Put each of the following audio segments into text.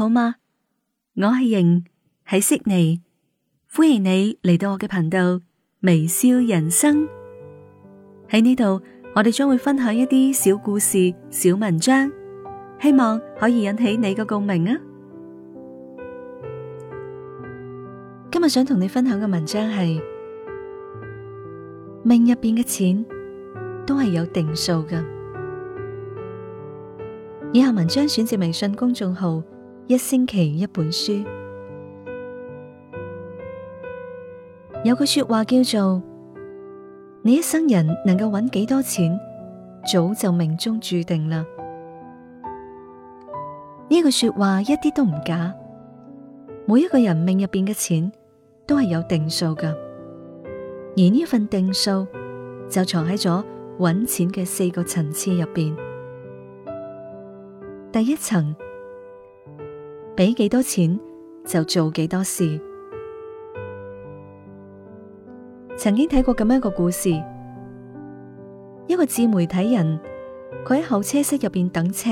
好嗎？我係瑩喺悉尼，歡迎你嚟到我嘅頻道微笑人生喺呢度，我哋將會分享一啲小故事、小文章，希望可以引起你嘅共鳴啊！今日想同你分享嘅文章係命入邊嘅錢都係有定數㗎。以下文章選自微信公眾號。一星期一本書，有句說話叫做：你一生人能夠搵幾多錢，早就命中注定啦。呢句說話一啲都唔假，每一個人命入邊嘅錢都係有定數噶，而呢份定數就藏喺咗搵錢嘅四個層次入邊，第一層。俾幾多錢就做幾多事。曾經睇過咁樣一個故事，一個自媒體人，佢喺候車室入邊等車，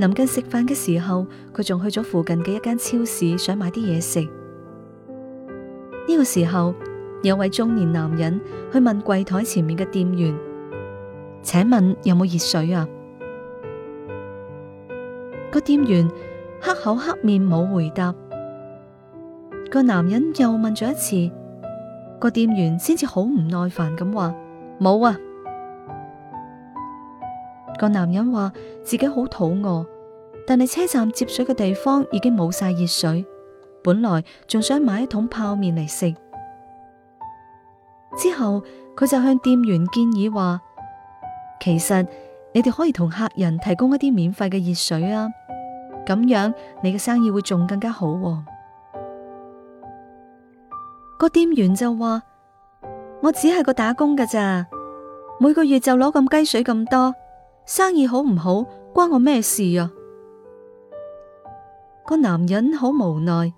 臨近食飯嘅時候，佢仲去咗附近嘅一間超市，想買啲嘢食。呢個時候，有位中年男人去問櫃台前面嘅店員：請問有冇熱水啊？個店員。黑口黑面冇回答，個男人又問咗一次，個店員先至好唔耐煩咁話：冇啊！個男人話自己好肚餓，但係車站接水嘅地方已經冇晒熱水，本來仲想買一桶泡麵嚟食。之後佢就向店員建議話：其實你哋可以同客人提供一啲免費嘅熱水啊！咁樣，你嘅生意會仲更加好喎。個店員就話：「我只係個打工㗎咋，每個月就攞咁雞水咁多，生意好唔好，關我咩事啊？個男人好無奈，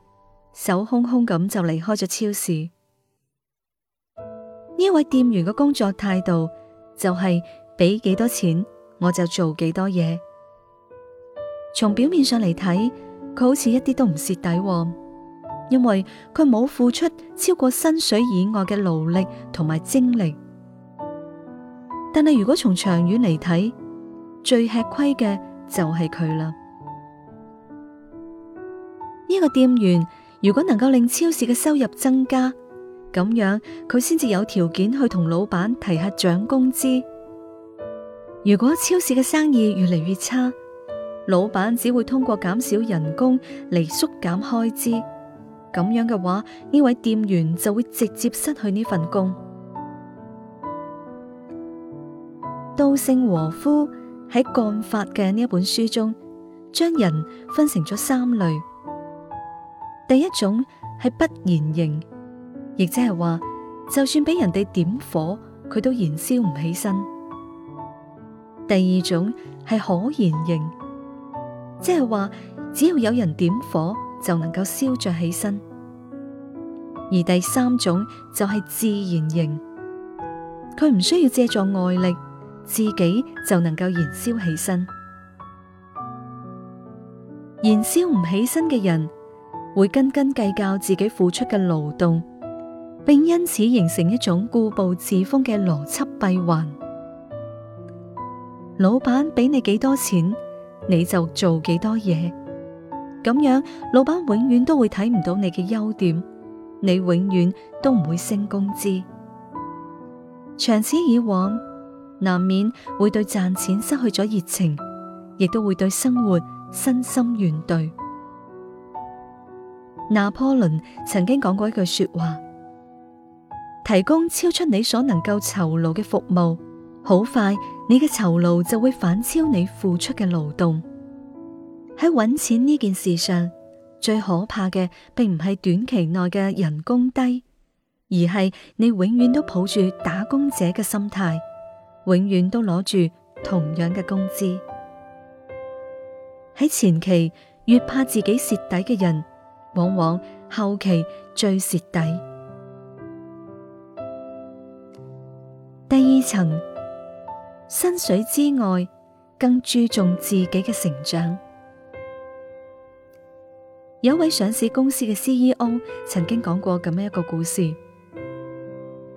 手空空咁就離開咗超市。呢位店員嘅工作態度就係：「俾幾多錢我就做幾多嘢。從表面上嚟睇，佢好似一啲都唔蝕底，因為佢冇付出超過薪水以外嘅勞力同埋精力。但係如果從長遠嚟睇，最吃虧嘅就係佢啦。呢個店員如果能夠令超市嘅收入增加，咁樣佢先至有條件去同老闆提下漲工資。如果超市嘅生意越嚟越差，老闆只會通過減少人工嚟縮減開支，咁樣嘅話，呢位店員就會直接失去呢份工。稻盛和夫喺《幹法》嘅呢一本書中，將人分成咗三類。第一種係不燃型，亦即係話，就算俾人哋點火，佢都燃燒唔起身。第二種係可燃型。即係話，只要有人點火，就能夠燒着起身；而第三種就係自燃型，佢唔需要借助外力，自己就能夠燃燒起身。燃燒唔起身嘅人會斤斤計較自己付出嘅勞動，並因此形成一種固步自封嘅邏輯閉環。老闆俾你幾多錢？你就做幾多嘢，咁樣老闆永遠都會睇唔到你嘅優點，你永遠都唔會升工資。長此以往，難免會對賺錢失去咗熱情，亦都會對生活身心怨懟。拿破崙曾經講過一句說話：提供超出你所能夠酬勞嘅服務，好快。你嘅酬勞就會反超你付出嘅勞動。喺搵錢呢件事上，最可怕嘅並唔係短期內嘅人工低，而係你永遠都抱住打工者嘅心態，永遠都攞住同樣嘅工資。喺前期越怕自己蝕底嘅人，往往後期最蝕底。第二層。薪水之外，更注重自己嘅成長。有一位上市公司嘅 CEO 曾經講過咁樣一個故事：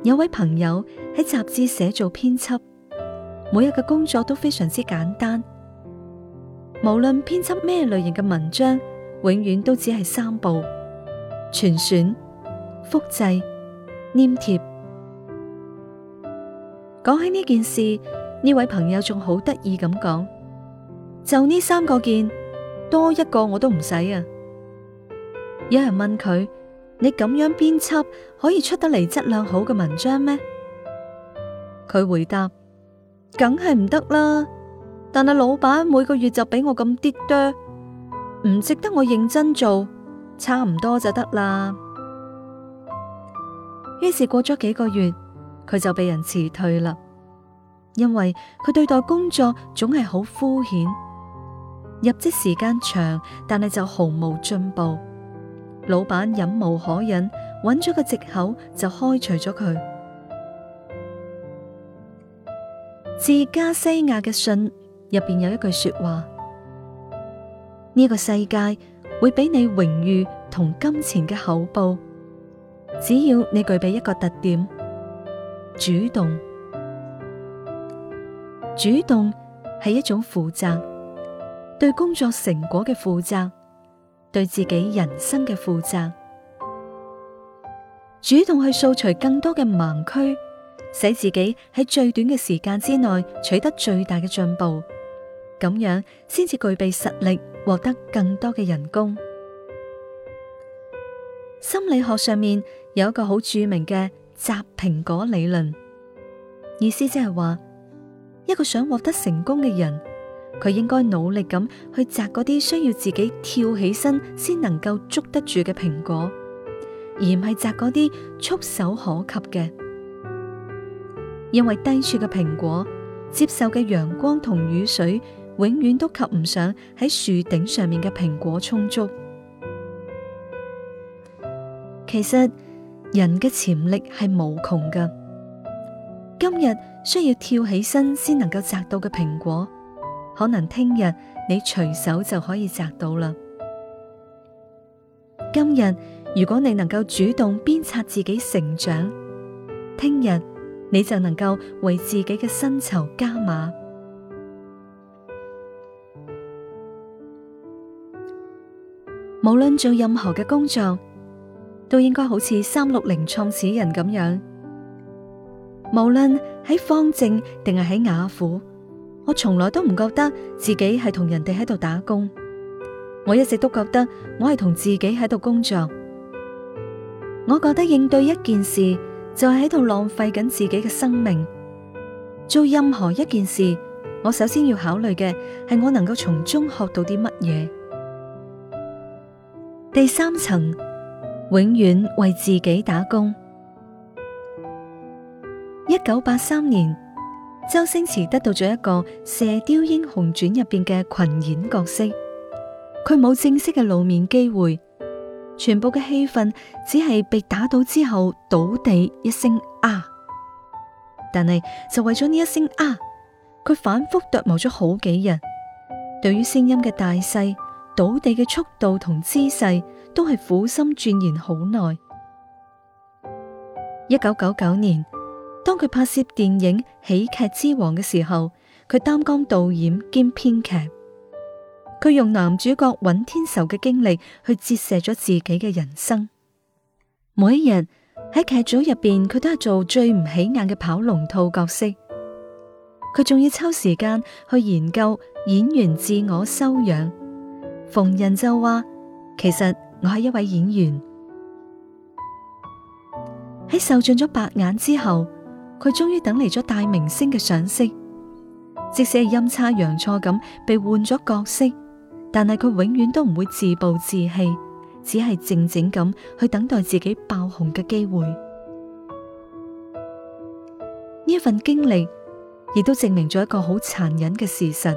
有位朋友喺雜誌寫做編輯，每日嘅工作都非常之簡單，無論編輯咩類型嘅文章，永遠都只係三步：全選、複製、粘貼。講起呢件事。呢位朋友仲好得意咁講，就呢三個件，多一個我都唔使啊！有人問佢：你咁樣編輯可以出得嚟質量好嘅文章咩？佢回答：梗係唔得啦！但係老闆每個月就俾我咁啲多，唔值得我認真做，差唔多就得啦。於是過咗幾個月，佢就被人辭退啦。因為佢對待工作總係好敷衍，入職時間長，但係就毫無進步。老闆忍無可忍，揾咗個藉口，就開除咗佢。自加西亞嘅信入邊有一句說話：呢個世界會俾你榮譽同金錢嘅厚報，只要你具備一個特點——主動。主動係一種負責，對工作成果嘅負責，對自己人生嘅負責。主動去掃除更多嘅盲區，使自己喺最短嘅時間之內取得最大嘅進步，咁樣先至具備實力，獲得更多嘅人工。心理學上面有一個好著名嘅摘蘋果理論，意思即係話。一個想獲得成功嘅人，佢應該努力咁去摘嗰啲需要自己跳起身先能夠捉得住嘅蘋果，而唔係摘嗰啲觸手可及嘅。因為低處嘅蘋果，接受嘅陽光同雨水，永遠都及唔上喺樹頂上面嘅蘋果充足。其實人嘅潛力係無窮噶。今日需要跳起身先能夠摘到嘅蘋果，可能聽日你隨手就可以摘到啦。今日如果你能夠主動鞭策自己成長，聽日你就能夠為自己嘅薪酬加碼。無論做任何嘅工作，都應該好似三六零創始人咁樣。無論喺方正定係喺雅虎，我從來都唔覺得自己係同人哋喺度打工。我一直都覺得我係同自己喺度工作。我覺得應對一件事就係喺度浪費緊自己嘅生命。做任何一件事，我首先要考慮嘅係我能夠從中學到啲乜嘢。第三層，永遠為自己打工。一九八三年，周星馳得到咗一個《射鵰英雄傳》入邊嘅群演角色，佢冇正式嘅露面機會，全部嘅戲份只係被打倒之後倒地一聲啊！但係就為咗呢一聲啊，佢反復琢磨咗好幾日，對於聲音嘅大細、倒地嘅速度同姿勢，都係苦心鑽研好耐。一九九九年。當佢拍攝電影《喜劇之王》嘅時候，佢擔綱導演兼編劇。佢用男主角尹天仇嘅經歷去折射咗自己嘅人生。每一日喺劇組入邊，佢都係做最唔起眼嘅跑龍套角色。佢仲要抽時間去研究演員自我修養。逢人就話：其實我係一位演員。喺受盡咗白眼之後。佢終於等嚟咗大明星嘅賞識，即使係陰差陽錯咁被換咗角色，但係佢永遠都唔會自暴自棄，只係靜靜咁去等待自己爆紅嘅機會。呢一份經歷亦都證明咗一個好殘忍嘅事實：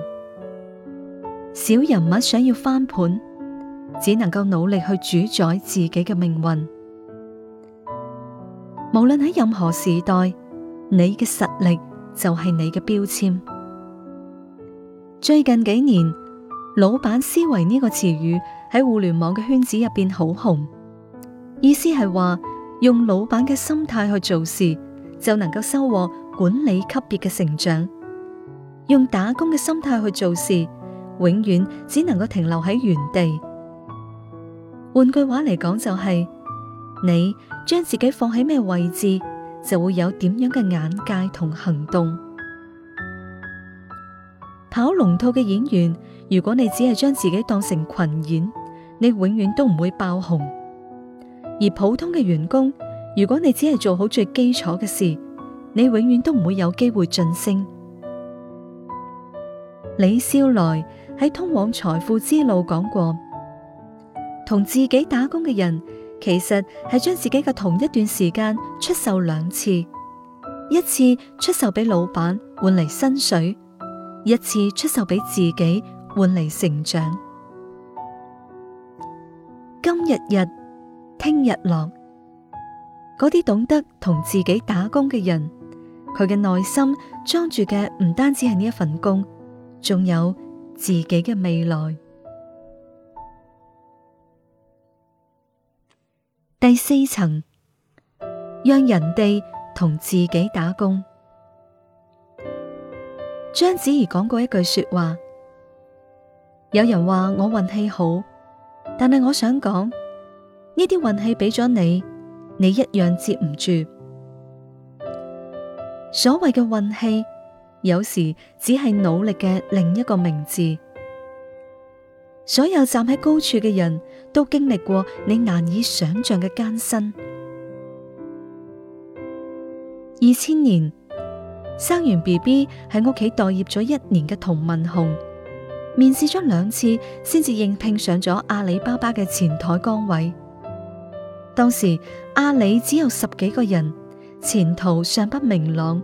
小人物想要翻盤，只能夠努力去主宰自己嘅命運。無論喺任何時代，你嘅實力就係你嘅標籤。最近幾年，老闆思維呢個詞語喺互聯網嘅圈子入邊好紅，意思係話用老闆嘅心態去做事，就能夠收穫管理級別嘅成長；用打工嘅心態去做事，永遠只能夠停留喺原地。換句話嚟講，就是，就係你將自己放喺咩位置？就會有點樣嘅眼界同行動。跑龍套嘅演員，如果你只係將自己當成群演，你永遠都唔會爆紅；而普通嘅員工，如果你只係做好最基礎嘅事，你永遠都唔會有機會晉升。李笑來喺通往財富之路講過：同自己打工嘅人。其實係將自己嘅同一段時間出售兩次，一次出售俾老闆換嚟薪水，一次出售俾自己換嚟成長。今日日，聽日落，嗰啲懂得同自己打工嘅人，佢嘅內心裝住嘅唔單止係呢一份工，仲有自己嘅未來。第四層，讓人哋同自己打工。章子怡講過一句說話：有人話我運氣好，但係我想講，呢啲運氣俾咗你，你一樣接唔住。所謂嘅運氣，有時只係努力嘅另一個名字。所有站喺高處嘅人都經歷過你難以想象嘅艱辛。二千年生完 B B 喺屋企待業咗一年嘅童文紅，面試咗兩次先至應聘上咗阿里巴巴嘅前台崗位。當時阿里只有十幾個人，前途尚不明朗。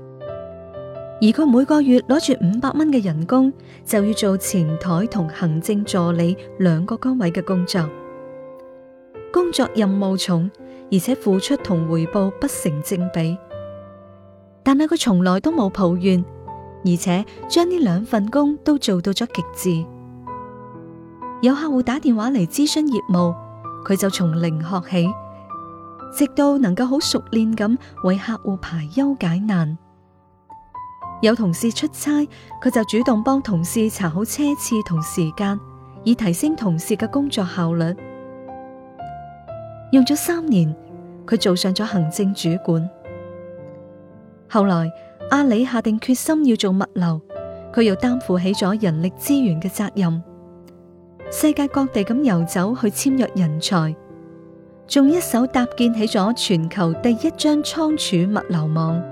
而佢每個月攞住五百蚊嘅人工，就要做前台同行政助理兩個崗位嘅工作。工作任務重，而且付出同回報不成正比。但係佢從來都冇抱怨，而且將呢兩份工都做到咗極致。有客戶打電話嚟諮詢業務，佢就從零學起，直到能夠好熟練咁為客戶排憂解難。有同事出差，佢就主動幫同事查好車次同時間，以提升同事嘅工作效率。用咗三年，佢做上咗行政主管。後來阿里下定決心要做物流，佢又擔負起咗人力資源嘅責任，世界各地咁遊走去簽約人才，仲一手搭建起咗全球第一張倉儲物流網。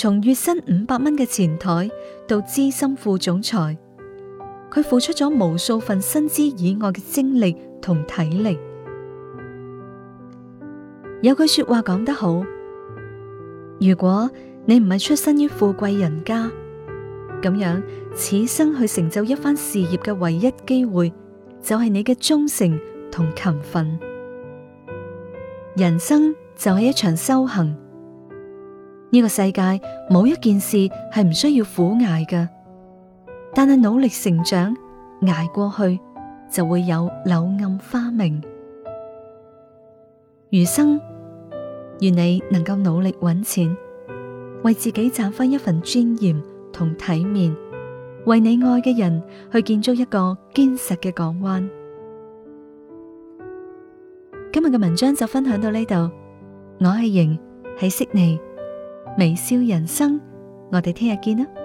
從月薪五百蚊嘅前台到資深副總裁，佢付出咗無數份薪資以外嘅精力同體力。有句說話講得好：如果你唔係出身於富貴人家，咁樣此生去成就一番事業嘅唯一機會，就係你嘅忠誠同勤奮。人生就係一場修行。呢個世界冇一件事係唔需要苦挨嘅，但係努力成長，挨過去就會有柳暗花明。餘生願你能夠努力揾錢，為自己賺翻一份尊嚴同體面，為你愛嘅人去建造一個堅實嘅港灣。今日嘅文章就分享到呢度，我係瑩，喺悉尼。微笑人生，我哋聽日見啦。